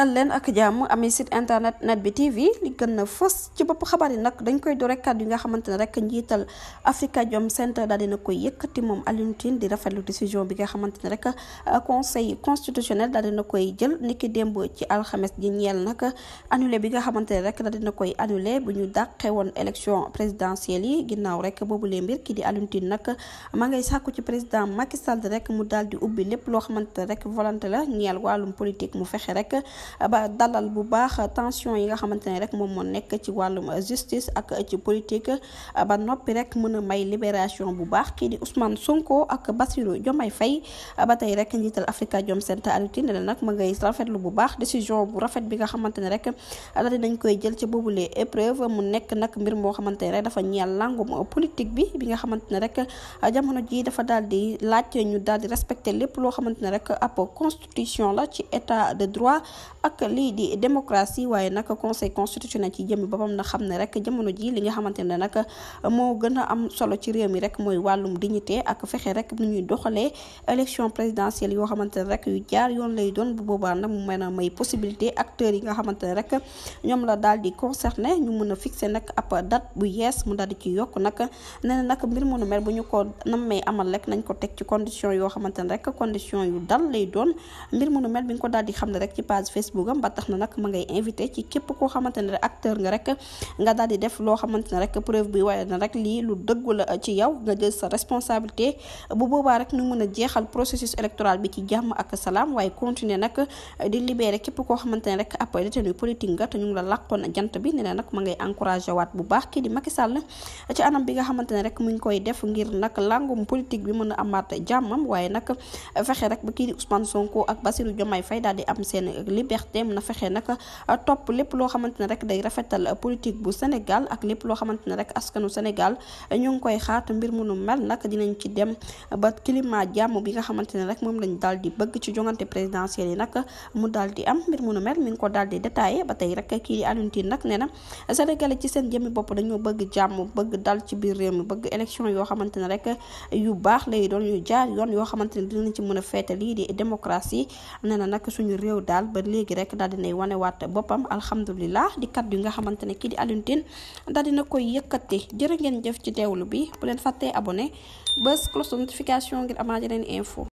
dal leen ak jàmm amee site internet net bi tv li gën na fës ci bopp xabar yi nag dañ koy do rek yi nga xamante ne rek njiital Afrikajom Center daal dina koy yëkkati moom Alioune Tine di rafetlu décision bi nga xamante ne rek euh, conseil constitutionnel daal dina koy jël niki démb ci alxames ji ñeel nag annulé bi nga xamante ne rek daal dina koy annulé bu ñu dàqee woon élection présidentielle yi ginnaaw rek boobu lee mbir kii di Alioune Tine nag maa ngay sàkku ci président Macky Sall rek mu daal di ubbi lépp loo xamante ne rek volonté la ñeel wàllum politique mu fexe rek ba dalal bu baax tension yi nga xamante ne rek moom moo nekk ci wàllum justice ak ci politique ba noppi rek mën a may libération bu baax kii di ausman sunko ak Bassirou Diomaye Faye ba tey rek njiital Afrikajom Center Alioune Tine ne nag ma ngay rafetlu bu baax décision bu rafet bi nga xamante ne rek daal dinañ koy jël ci boobu boobule épreuve mu nekk nag mbir moo xamante ne rek dafa ñeel langum politique bi bi nga xamante ne rek jamono jii dafa daal di laaj ñu daal di respecté lépp loo xamante ne rek ab constitution la ci état de droit ak lii di démocratie waaye nag conseil constitutionnel ci jëmmi boppam na xam ne rek jamono ji li nga xamante ne nag moo gën a am solo ci réew mi rek mooy wàllum dignité ak fexe rek nu ñuy doxalee élection présidentielle yoo xamante ne rek yu jaar yoon lay doon bu boobaa nag mu mën a may possibilité acteurs yi nga xamante ne rek ñoom la daal di concerné ñu mën a fixé nag ab dat bu yees mu daal di ci yokk nag nee na nag mbir mënu mel bu ñu ko nammee amal rek nañ ko teg ci condition yoo xamante ne rek condition yu dal lay doon mbir mënu mel daal di xam Facebook am ba tax na nag ma ngay invité ci képp koo xamante ne acteur nga rek nga daal di def loo xamante ne rek preuve bi waaye na rek lii lu dëggu la ci yow nga jël sa responsabilité bu boobaa rek ñu mën a jeexal processus électoral bi ci jàmm ak salaam waaye continuer nag di libéré képp koo xamante ne rek ab détenu politique nga te ñu ngi la làqoon bi ne ne nag ma ngay encouragé waat bu baax kii di Macky Sall ci anam bi xamante ne rek mu ngi koy def ngir nak langum politique bi mën a amaat jàmmam waaye nag fexe rek ba kii di Ousmane Sonko ak Bassirou Diomaye fay daal di am seen liberté PRD mën na fexe nag topp lépp loo xamante ne rek day rafetal politique bu Sénégal ak lépp loo xamante ne rek askanu Sénégal ñu ngi koy xaat mbir mu nu mel nag dinañ ci dem ba climat jàmm bi nga xamante ne rek moom lañ daal di bëgg ci jongante présidentielle yi nag mu daal di am mbir mu nu mel mi ko daal di détaillé ba tey rek kii di Alioune Tine nag nee na Sénégalais ci seen jëmmi bopp dañoo bëgg jàmm bëgg dal ci biir réew mi bëgg élection yoo xamante ne rek yu baax lay doon yu jaar yoon yoo xamante ne dinañ ci mën a feete lii di démocratie nee na nag suñu réew daal ba léegi gi rek daal dinay wanewaat boppam alhamdulilah di kat yu nga xamante ne kii di Alioune Tine daal dina koy yëkkati jërë ngeen jëf ci teewlu bi bu leen fàttee abone bës cloche notification ngir amaat yeneen info